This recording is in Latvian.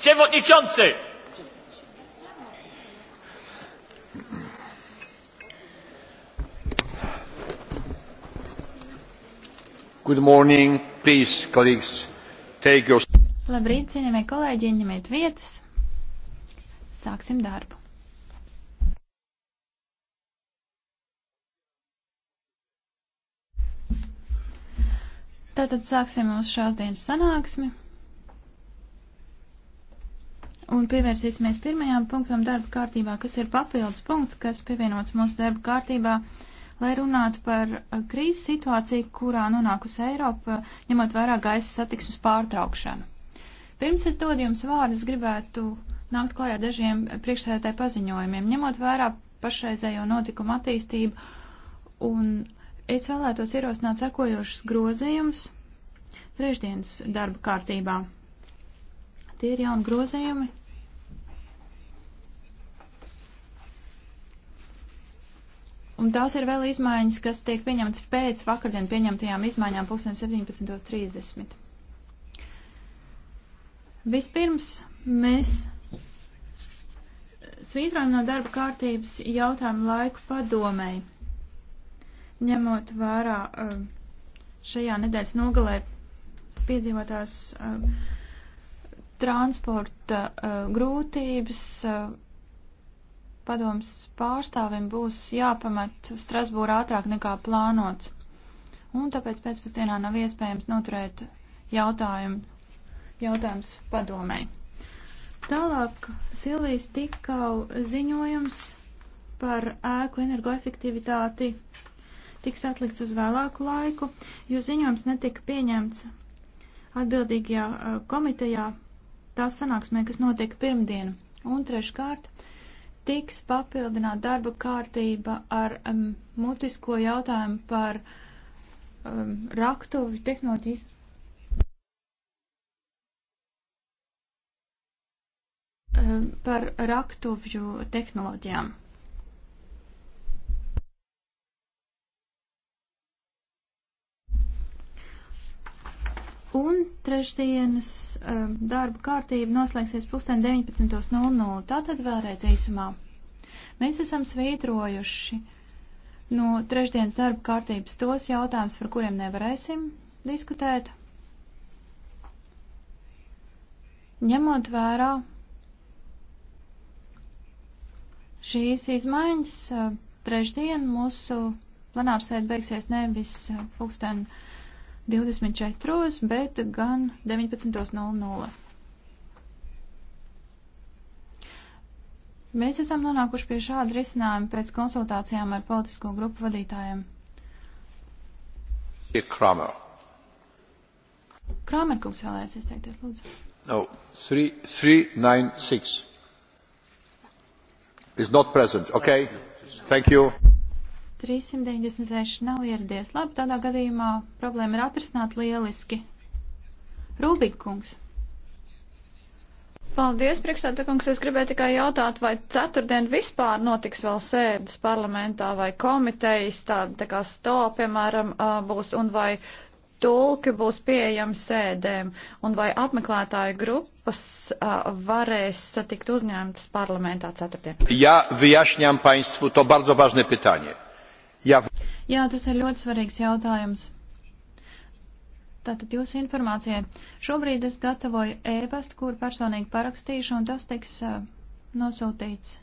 Przewodniczący! Good morning, please, colleagues. Take your... Labrīt, cienījamie kolēģi, ieņemiet vietas. Sāksim darbu. Tātad sāksim mūsu šās dienas sanāksmi un pievērsīsimies pirmajām punktam darba kārtībā, kas ir papildus punkts, kas pievienots mūsu darba kārtībā, lai runātu par uh, krīzes situāciju, kurā nonākusi Eiropa, ņemot vērā gaisa satiksmes pārtraukšanu. Pirms es dodu jums vārdu, es gribētu nākt klājā dažiem priekšsēdētāju paziņojumiem, ņemot vērā pašreizējo notikumu attīstību, un es vēlētos ierosināt sekojošus grozījumus trešdienas darba kārtībā. Tie ir jauni grozījumi, Un tās ir vēl izmaiņas, kas tiek pieņemtas pēc vakardien pieņemtajām izmaiņām 17.30. Vispirms mēs svītrojam no darba kārtības jautājumu laiku padomēji, ņemot vērā eh, šajā nedēļas nogalē piedzīvotās eh, transporta eh, grūtības, padomas pārstāvim būs jāpamet Strasbūra ātrāk nekā plānots. Un tāpēc pēcpusdienā nav iespējams noturēt jautājumu, jautājums padomēji. Tālāk Silvijas tikau ziņojums par ēku energoefektivitāti tiks atlikts uz vēlāku laiku, jo ziņojums netika pieņemts atbildīgajā komitejā tā sanāksmē, kas notiek pirmdien. Un treškārt, tiks papildināt darba kārtība ar um, mutisko jautājumu par um, raktuvi tehnoloģijas. Um, par raktuvju tehnoloģijām. Un trešdienas um, darba kārtība noslēgsies pusdien 19.00. Tātad vēlreiz īsumā. Mēs esam svītrojuši no trešdienas darba kārtības tos jautājumus, par kuriem nevarēsim diskutēt, ņemot vērā šīs izmaiņas, uh, trešdien mūsu plenārsēde beigsies nevis uh, pulksten 24, bet gan 19.00. Mēs esam nonākuši pie šāda risinājuma pēc konsultācijām ar politisko grupu vadītājiem. Kramer. Kramer kungs vēlēs izteikties, lūdzu. No, 396 is not present. Okay, thank you. 396 nav ieradies. Labi, tādā gadījumā problēma ir atrisināt lieliski. Rūbīgkungs. Paldies, priekšstādākungs. Es gribēju tikai jautāt, vai ceturtdien vispār notiks vēl sēdes parlamentā vai komitejas, tāda tā kā sto, piemēram, būs, un vai tulki būs pieejami sēdēm, un vai apmeklētāju grupas varēs tikt uzņemtas parlamentā ceturtdien. Ja, vyjašņam paņstvu, to bardzo važne pitanie. Jā. Jā, tas ir ļoti svarīgs jautājums. Tātad jūsu informācijai. Šobrīd es gatavoju ēpastu, e kur personīgi parakstīšu, un tas tiks uh, nosūtīts